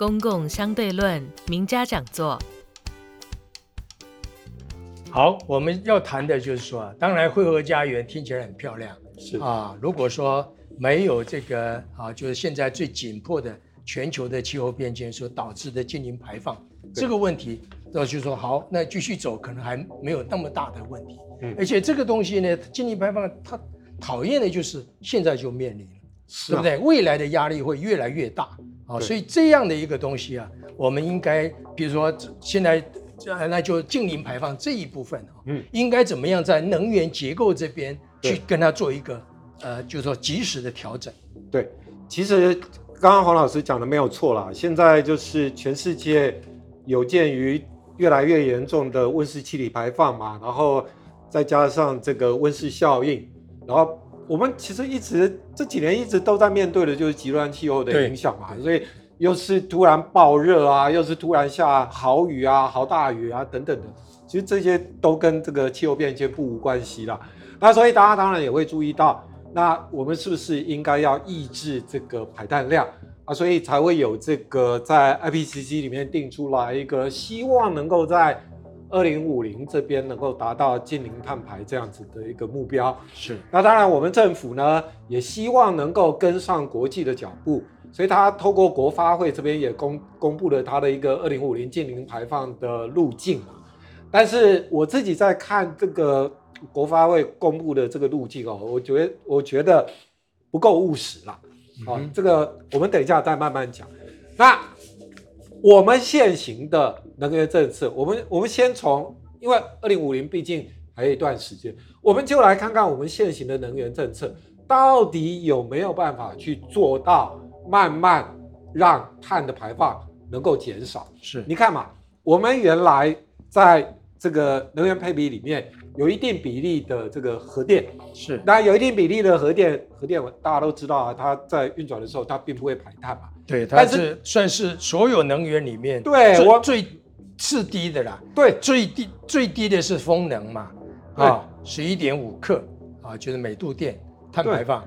公共相對論名家講座。好，我們要談的就是說啊，當然匯合家園聽起來很漂亮，是啊。如果說沒有這個啊，就是現在最緊迫的全球的氣候變遷所導致的淨零排放對這個問題，那就是說好，那繼續走可能還沒有那麼大的問題。嗯。而且這個東西呢，淨零排放它討厭的就是現在就面臨了，是啊。對不對？未來的壓力會越來越大。對所以這樣的一個東西啊，我們應該，比如說現在，那就淨零排放這一部分，哦，嗯，應該怎麼樣在能源結構這邊去跟它做一個，對呃，就是說及時的調整。對，其實剛剛黃老師講的沒有錯啦，現在就是全世界有鑑於越來越嚴重的溫室氣體排放嘛，然後再加上這個溫室效應，然後。我們其實一直這幾年一直都在面對的，就是極端氣候的影響嘛，所以又是突然暴熱啊，又是突然下豪雨啊、豪大雨啊等等的，其實這些都跟這個氣候變遷不無關係啦。那所以大家當然也會注意到，那我們是不是應該要抑制這個排碳量啊，所以才會有這個在 IPCC 裡面定出來一個，希望能夠在。二零五零這邊能夠達到淨零碳排這樣子的一個目標，是，那當然我們政府呢，也希望能夠跟上國際的腳步，所以他透過國發會這邊也公公佈了他的一個二零五零淨零排放的路徑嘛，但是我自己在看這個國發會公佈的這個路徑哦，我覺得我覺得不夠務實啦。嗯、哼哦，這個我們等一下再慢慢講。那。我們現行的能源政策，我們我們先從，因為二零五零畢竟還有一段時間，我們就來看看我們現行的能源政策到底有沒有辦法去做到慢慢讓碳的排放能夠減少。是，你看嘛，我們原來在這個能源配比裡面。有一定比例的這個核電是，那有一定比例的核電，核電大家都知道啊，它在運轉的時候它並不會排碳嘛、啊。對，它是但是算是所有能源裡面最對最次低的啦。對，最低最低的是風能嘛，對啊，十一點五克啊，就是每度電碳排放。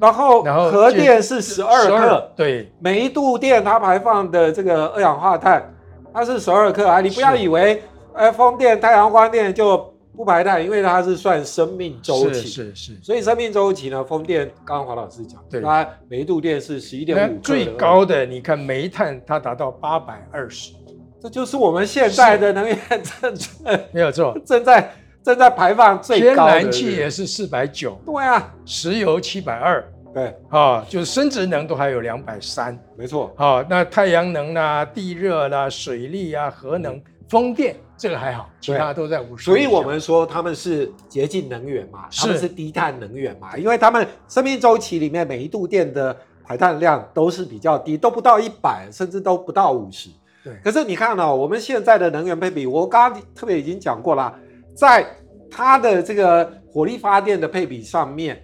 然後對、嗯、然後核電是十二克，12, 對，每一度電它排放的這個二氧化碳，它是十二克啊。你不要以為哎風電、是太陽光電就不排碳，因為它是算生命週期，是是。是是，所以生命週期呢，風電，剛剛黃老師講，對它每一度電是十一點五克。最高的，你看煤炭它達到八百二十，這就是我們現在的能源政策。沒有錯，正在正在排放最高。天然氣也是四百九。對啊，石油七百二。對啊，哦，就生物質能都還有兩百三。沒錯錯。啊，哦，那太陽能啦，啊，地熱啦，啊，水力啊，核能。嗯風電這個還好，其他都在五十。所以我們說他們是潔淨能源嘛，他們是低碳能源嘛，是因為他們生命週期裡面每一度電的排碳量都是比較低，都不到一百，甚至都不到五十。對。可是你看哦，我們現在的能源配比，我剛剛特別已經講過了，在它的這個火力發電的配比上面，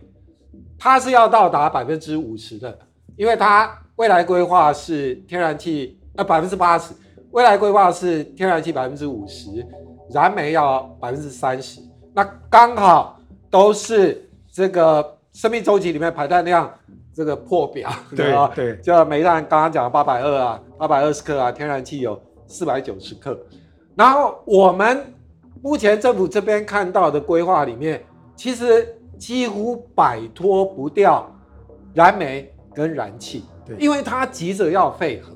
它是要到達百分之五十的，因為它未來規劃是天然氣呃百分之八十。未來規劃是天然氣百分之五十，燃煤，要百分之三十，那剛好都是這個生命週期裡面排碳量，這個破表，對啊，對，就煤炭剛剛講的八百二啊，八百二十克啊，天然氣有四百九十克，然後我們目前政府這邊看到的規劃裡面，其實幾乎擺脫不掉燃煤跟燃氣，對，因為它急着要廢核。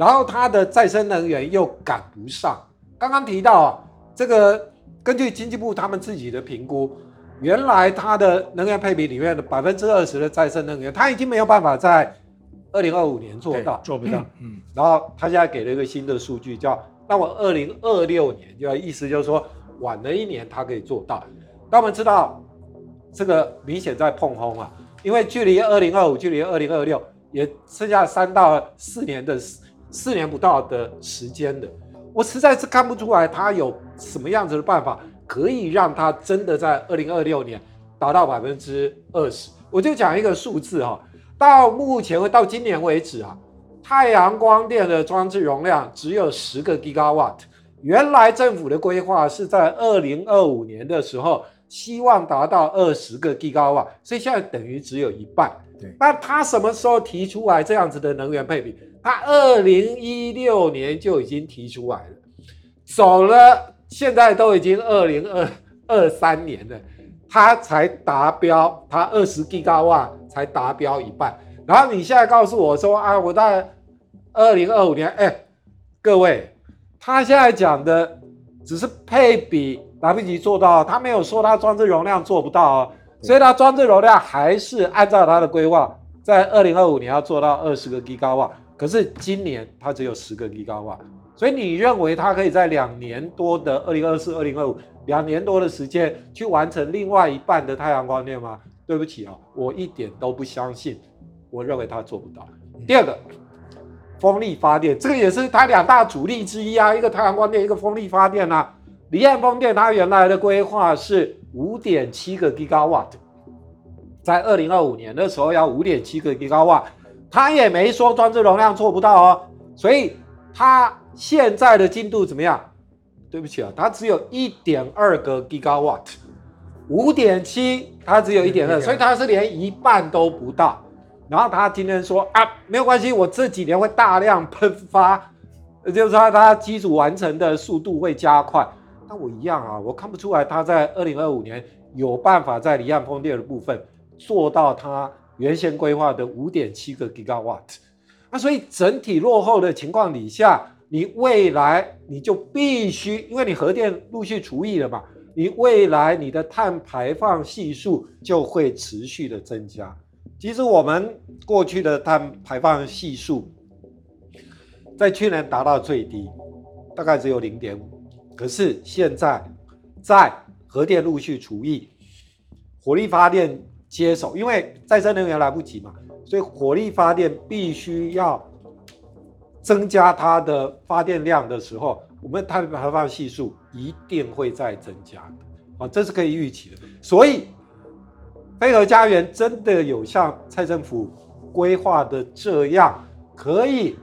然後它的再生能源又趕不上。剛剛提到啊，這個根據經濟部他們自己的評估，原來它的能源配比裡面的百分之二十的再生能源，它已經沒有辦法在二零二五年做到，做不到。嗯，嗯，然後他現在給了一個新的數據叫，叫那我二零二六年，要意思就是說晚了一年，它可以做到。那我們知道這個明顯在膨風啊，因為距離二零二五，距離二零二六也剩下三到四年的。四年不到的時間的，我實在是看不出來他有什麼樣子的辦法可以讓他真的在二零二六年達到百分之二十。我就講一個數字哈，到目前為到今年為止啊，太陽光電的裝置容量只有十個 gigawatt，原來政府的規劃是在二零二五年的時候，希望達到二十個 gigawatt，所以現在等於只有一半。那他什麼時候提出來這樣子的能源配比？他二零一六年就已經提出來了，走了，現在都已經二零二二三年了，他才達標，他二十 GW 才達標一半。然後你現在告訴我說啊，我在二零二五年，哎、欸，各位，他現在講的只是配比來不及做到，他沒有說他裝置容量做不到哦。所以它裝置容量還是按照它的規劃，在二零二五年要做到二十個 GW，可是今年它只有十個 GW。所以你認為它可以在兩年多的二零二四、二零二五兩年多的時間去完成另外一半的太陽光電嗎？對不起啊，我一點都不相信，我認為它做不到。第二個，風力發電，這個也是它兩大主力之一啊，一個太陽光電，一個風力發電啊。離岸風電它原來的規劃是。五點七個 gigawatt，在二零二五年的時候要五點七個 gigawatt，他也沒說裝置容量做不到哦。所以他現在的進度怎麼樣？對不起啊，他只有一點二個 gigawatt，五點七，他只有一點二，所以他是連一半都不到。然後他今天說啊，沒有關係，我這幾年會大量噴發，就是說他，他機組完成的速度會加快。那我一樣啊，我看不出來，他在二零二五年有辦法在離岸風電的部分做到他原先規劃的五點七個 gigawatt。那所以整體落後的情況底下，你未來你就必須，因為你核電陸續除役了嘛，你未來你的碳排放係數就會持續的增加。其實我們過去的碳排放係數在去年達到最低，大概只有零點五。可是現在，在核電陸續除役，火力發電接手，因為再生能源來不及嘛，所以火力發電必須要增加它的發電量的時候，我們碳排放係數一定會再增加啊，這是可以預期的。所以，非核家園真的有像蔡政府規劃的這樣，可以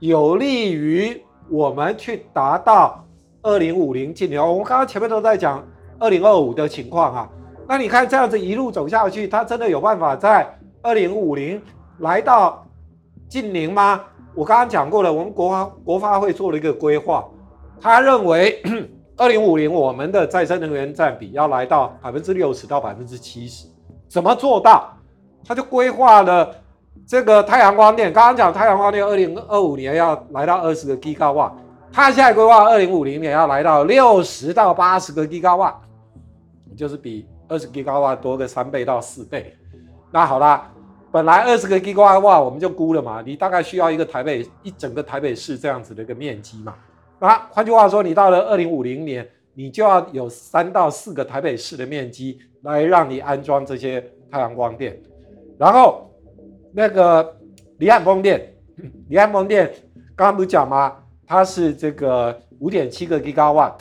有利於我們去達到，二零五零淨零，我們剛剛前面都在講二零二五的情況啊。那你看這樣子一路走下去，它真的有辦法在二零五零來到淨零嗎？我剛剛講過了，我們國發國發會做了一個規劃，他認為二零五零我們的再生能源佔比要來到百分之六十到百分之七十，怎麼做到？他就規劃了這個太陽光電，剛剛講太陽光電二零二五年要來到二十個吉咖瓦。他現在規劃二零五零年要來到六十到八十個 gigawatt 就是比二十 gigawatt 多個三倍到四倍。那好啦，本來二十個 gigawatt 我們就估了嘛。你大概需要一個台北一整個台北市這樣子的一個面積嘛。那、啊、換句話說，你到了二零五零年，你就要有三到四個台北市的面積來讓你安裝這些太陽光電。然後那個離岸風電，離岸風電剛剛不講嗎？他是這個五點七個 gigawatt，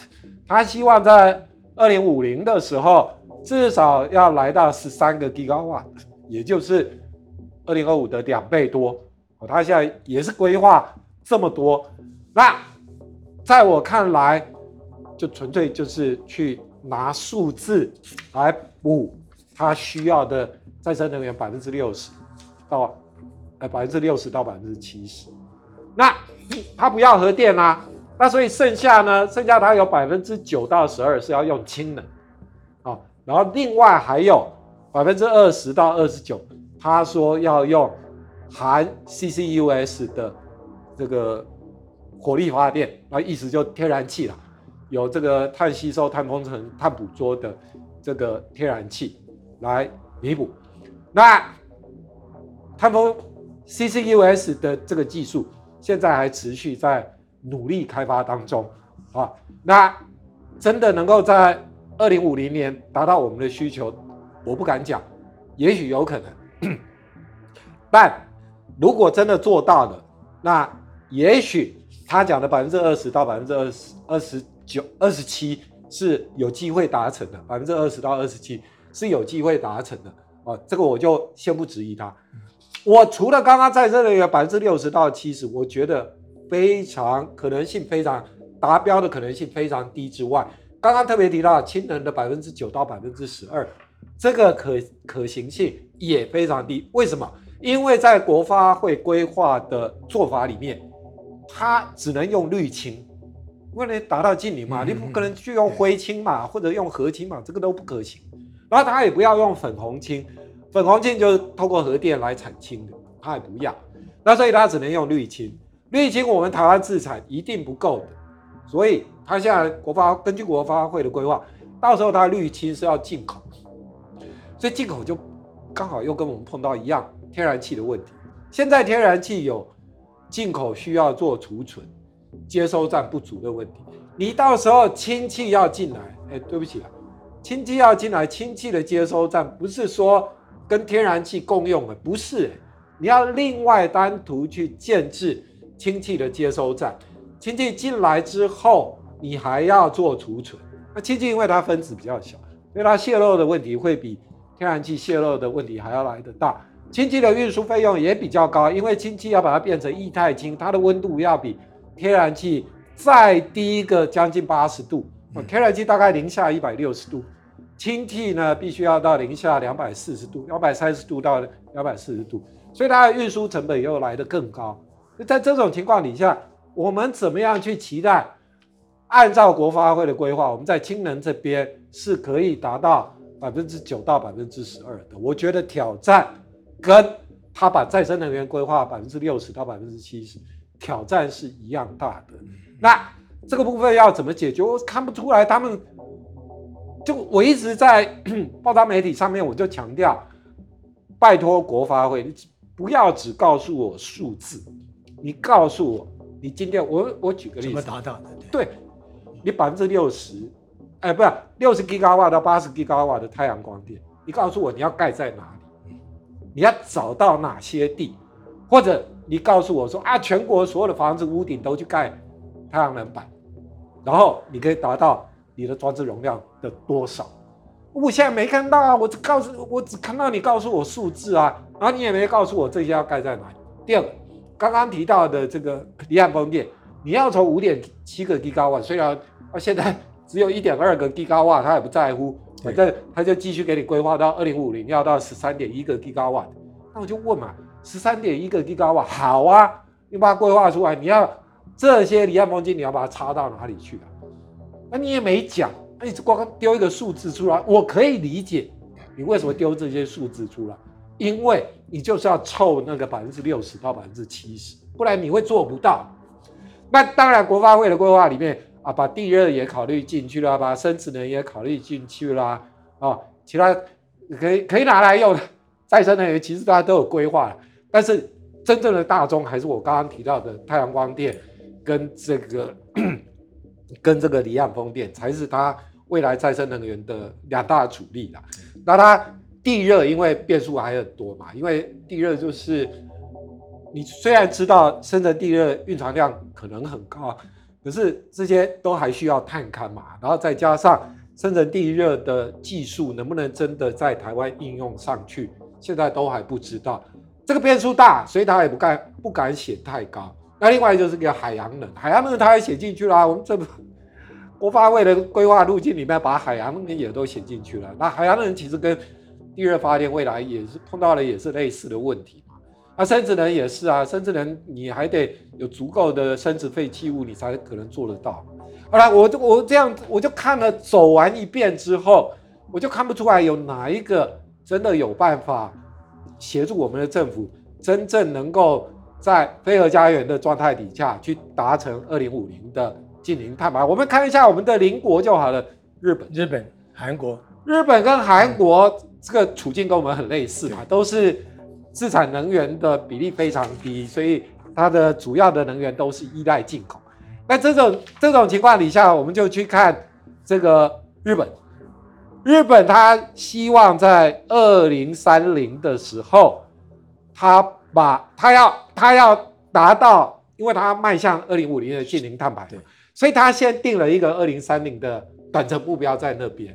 他希望在二零五零的時候至少要來到十三個 gigawatt，也就是二零二五的兩倍多。好，它現在也是規劃這麼多。那在我看來，就純粹就是去拿數字來補他需要的再生能源百分之六十到呃百分之六十到百分之七十。那它不要核電啦，啊，那所以剩下呢，剩下它有百分之九到十二是要用氫的，好，哦，然後另外還有百分之二十到二十九，他說要用含 CCUS 的這個火力發電，那意思就天然氣啦，有這個碳吸收、碳封存、碳捕捉的這個天然氣來彌補，那碳封 CCUS 的這個技術，現在還持續在努力開發當中，啊，那真的能夠在二零五零年達到我們的需求，我不敢講，也許有可能，但如果真的做到了，那也許他講的百分之二十到百分之二十二十九二十七是有機會達成的，百分之二十到二十七是有機會達成的，啊，這個我就先不質疑他。我除了剛剛在這裡有百分之六十到七十，我覺得非常可能性非常達標的可能性非常低之外，剛剛特別提到氫能的百分之九到百分之十二，這個可可行性也非常低。為什麼？因為在國發會規劃的做法裡面，它只能用綠氫，為了達到淨零嘛，嗯，你不可能就用灰氫嘛，對或者用核氫嘛，這個都不可行。然後它也不要用粉紅氫。粉紅氫就是通過核電來產氫的，它也不要，那所以它只能用綠氫。綠氫我們台灣自產一定不夠的，所以它現在國發根據國發會的規劃，到時候它綠氫是要進口的，所以進口就剛好又跟我們碰到一樣天然氣的問題。現在天然氣有進口需要做儲存，接收站不足的問題。你到時候氫氣要進來，哎、欸，對不起啊，氫氣要進來，氫氣的接收站不是說。跟天然氣共用的不是、欸，你要另外單獨去建置氫氣的接收站。氫氣進來之後，你還要做儲存。那氫氣因為它分子比較小，所以它洩漏的問題會比天然氣洩漏的問題還要來得大。氫氣的運輸費用也比較高，因為氫氣要把它變成液態氫，它的溫度要比天然氣再低一個將近八十度。嗯、天然氣大概零下一百六十度。氫氣呢，必須要到零下兩百四十度，兩百三十度到兩百四十度，所以它的運輸成本又來得更高。那在這種情況底下，我們怎麼樣去期待？按照國發會的規劃，我們在氫能這邊是可以達到百分之九到百分之十二的。我覺得挑戰跟他把再生能源規劃百分之六十到百分之七十，挑戰是一樣大的。那這個部分要怎麼解決？我看不出來他們。就我一直在 報道媒體上面，我就強調，拜托國發會，你不要只告訴我數字，你告訴我，你今天我我舉個例子，怎麼達到的？對，對你百分之六十，哎，不是六十吉瓦到八十吉瓦的太陽光電，你告訴我你要蓋在哪裡，你要找到哪些地，或者你告訴我說啊，全國所有的房子屋頂都去蓋太陽能板，然後你可以達到。你的裝置容量的多少？我現在沒看到啊！我只告訴我只看到你告訴我數字啊，然後你也沒告訴我這些要蓋在哪裡。第二，剛剛提到的這個離岸風電，你要從五點七個 GW，雖然現在只有一點二個 GW，他也不在乎，對反正他就繼續給你規劃到二零五零要到十三點一個 GW。那我就問嘛，十三點一個 GW 好啊？你把它規劃出來，你要這些離岸風機，你要把它插到哪裡去啊？那你也沒講，你只光丟一個數字出來，我可以理解你為什麼丟這些數字出來，因為你就是要湊那個百分之六十到百分之七十，不然你會做不到。那當然，國發會的規劃裡面啊，把地熱也考慮進去了，把生質能也考慮進去啦，啊、哦，其他可以可以拿來用的再生能源其實大家都有規劃了，但是真正的大宗還是我剛剛提到的太陽光電跟這個。 跟這個離岸風電才是它未來再生能源的兩大主力啦。那它地熱因為變數還很多嘛，因為地熱就是你雖然知道深層地熱蘊藏量可能很高，可是這些都還需要探勘嘛。然後再加上深層地熱的技術能不能真的在台灣應用上去，現在都還不知道。這個變數大，所以它也不敢不敢寫太高。那另外就是個海洋能，海洋能他也寫進去了、啊、我們政府，國發會的規劃路徑裡面，把海洋能也都寫進去了。那海洋能其實跟地熱發電未來也是碰到了也是類似的問題。那生質能也是啊，生質能你還得有足夠的生質廢棄物，你才可能做得到。後來我就我這樣子，我就看了走完一遍之後，我就看不出來有哪一個真的有辦法協助我們的政府真正能夠。在非核家園的狀態底下，去達成二零五零的淨零碳排，我們看一下我們的鄰國就好了。日本、日本、韓國，日本跟韓國這個處境跟我們很類似嘛、啊，都是自產能源的比例非常低，所以它的主要的能源都是依賴進口。那這種這種情況底下，我們就去看這個日本。日本它希望在二零三零的時候，它把它要，它要達到，因為它要邁向二零五零的淨零碳排，對 所以他先定了一個二零三零的短程目標在那邊。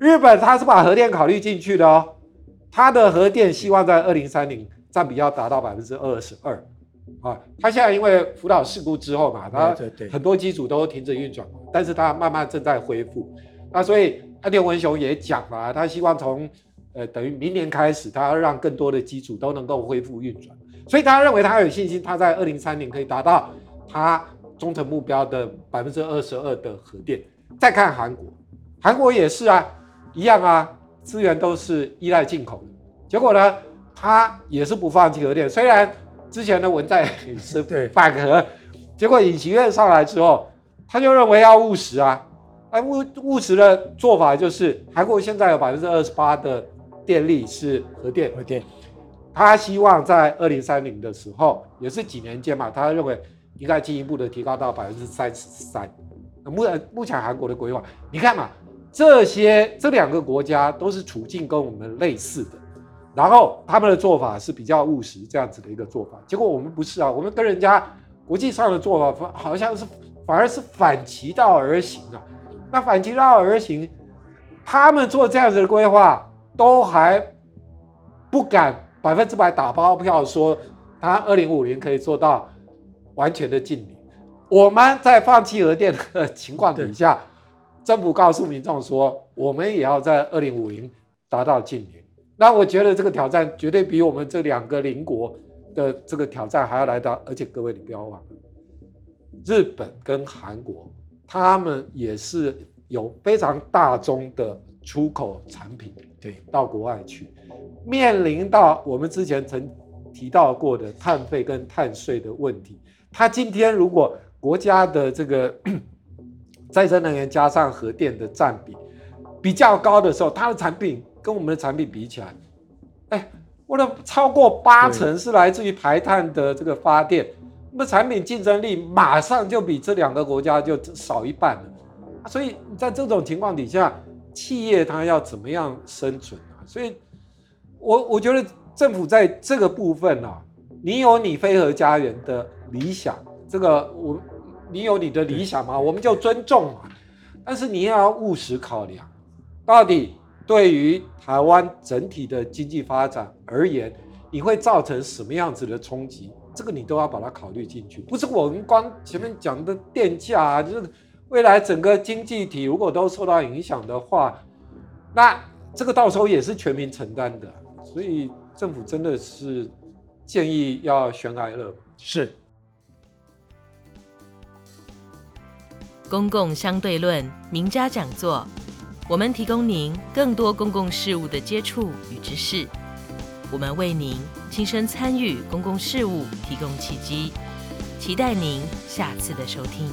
日本他是把核電考慮進去的哦、喔，他的核電希望在二零三零占比要達到百分之二十二。啊，他現在因為福島事故之後嘛，他很多機組都停止運轉，但是他慢慢正在恢復。那所以岸田文雄也講了，他希望從。呃，等於明年開始，他要讓更多的機組都能夠恢復運轉，所以他認為他有信心，他在二零三零年可以達到他中程目標的百分之二十二的核電。再看韓國，韓國也是啊，一樣啊，資源都是依賴進口，結果呢，他也是不放棄核電，雖然之前的文在寅是反核， 對結果尹錫悅上來之後，他就認為要務實啊，那、呃、務務實的做法就是韓國現在有百分之二十八的。電力是核電，核電。他希望在二零三零的時候，也是幾年間嘛，他認為應該進一步的提高到百分之三十三。目目前韓國的規劃，你看嘛，這些這兩個國家都是處境跟我們類似的，然後他們的做法是比較務實這樣子的一個做法。結果我們不是啊，我們跟人家國際上的做法反，好像是反而是反其道而行啊。那反其道而行，他們做這樣子的規劃。都還不敢百分之百打包票說，他二零五零可以做到完全的淨零。我們在放棄核電的情況底下，對政府告訴民眾說，我們也要在二零五零達到淨零。那我覺得這個挑戰絕對比我們這兩個鄰國的這個挑戰還要來得，而且各位，你不要忘了，日本跟韓國，他們也是有非常大宗的。出口產品對到國外去，對面臨到我們之前曾提到過的碳費跟碳稅的問題。它今天如果國家的這個 再生能源加上核電的占比比較高的時候，它的產品跟我們的產品比起來，哎、欸，我的超過八成是來自於排碳的這個發電，那麼對產品競爭力馬上就比這兩個國家就少一半了。所以在這種情況底下。企業它要怎麼樣生存啊？所以，我我覺得政府在這個部分啊，你有你非核家園的理想，這個我，你有你的理想嗎、啊？我們就尊重嘛。對對對，但是你要務實考量，到底對於台灣整體的經濟發展而言，你會造成什麼樣子的衝擊？這個你都要把它考慮進去，不是我們光前面講的電價、啊，就是。未來整個經濟體如果都受到影響的話，那這個到時候也是全民承擔的，所以政府真的是建議要懸崖勒馬了。是。公共相對論名家講座，我們提供您更多公共事務的接觸與知識，我們為您親身參與公共事務提供契機，期待您下次的收聽。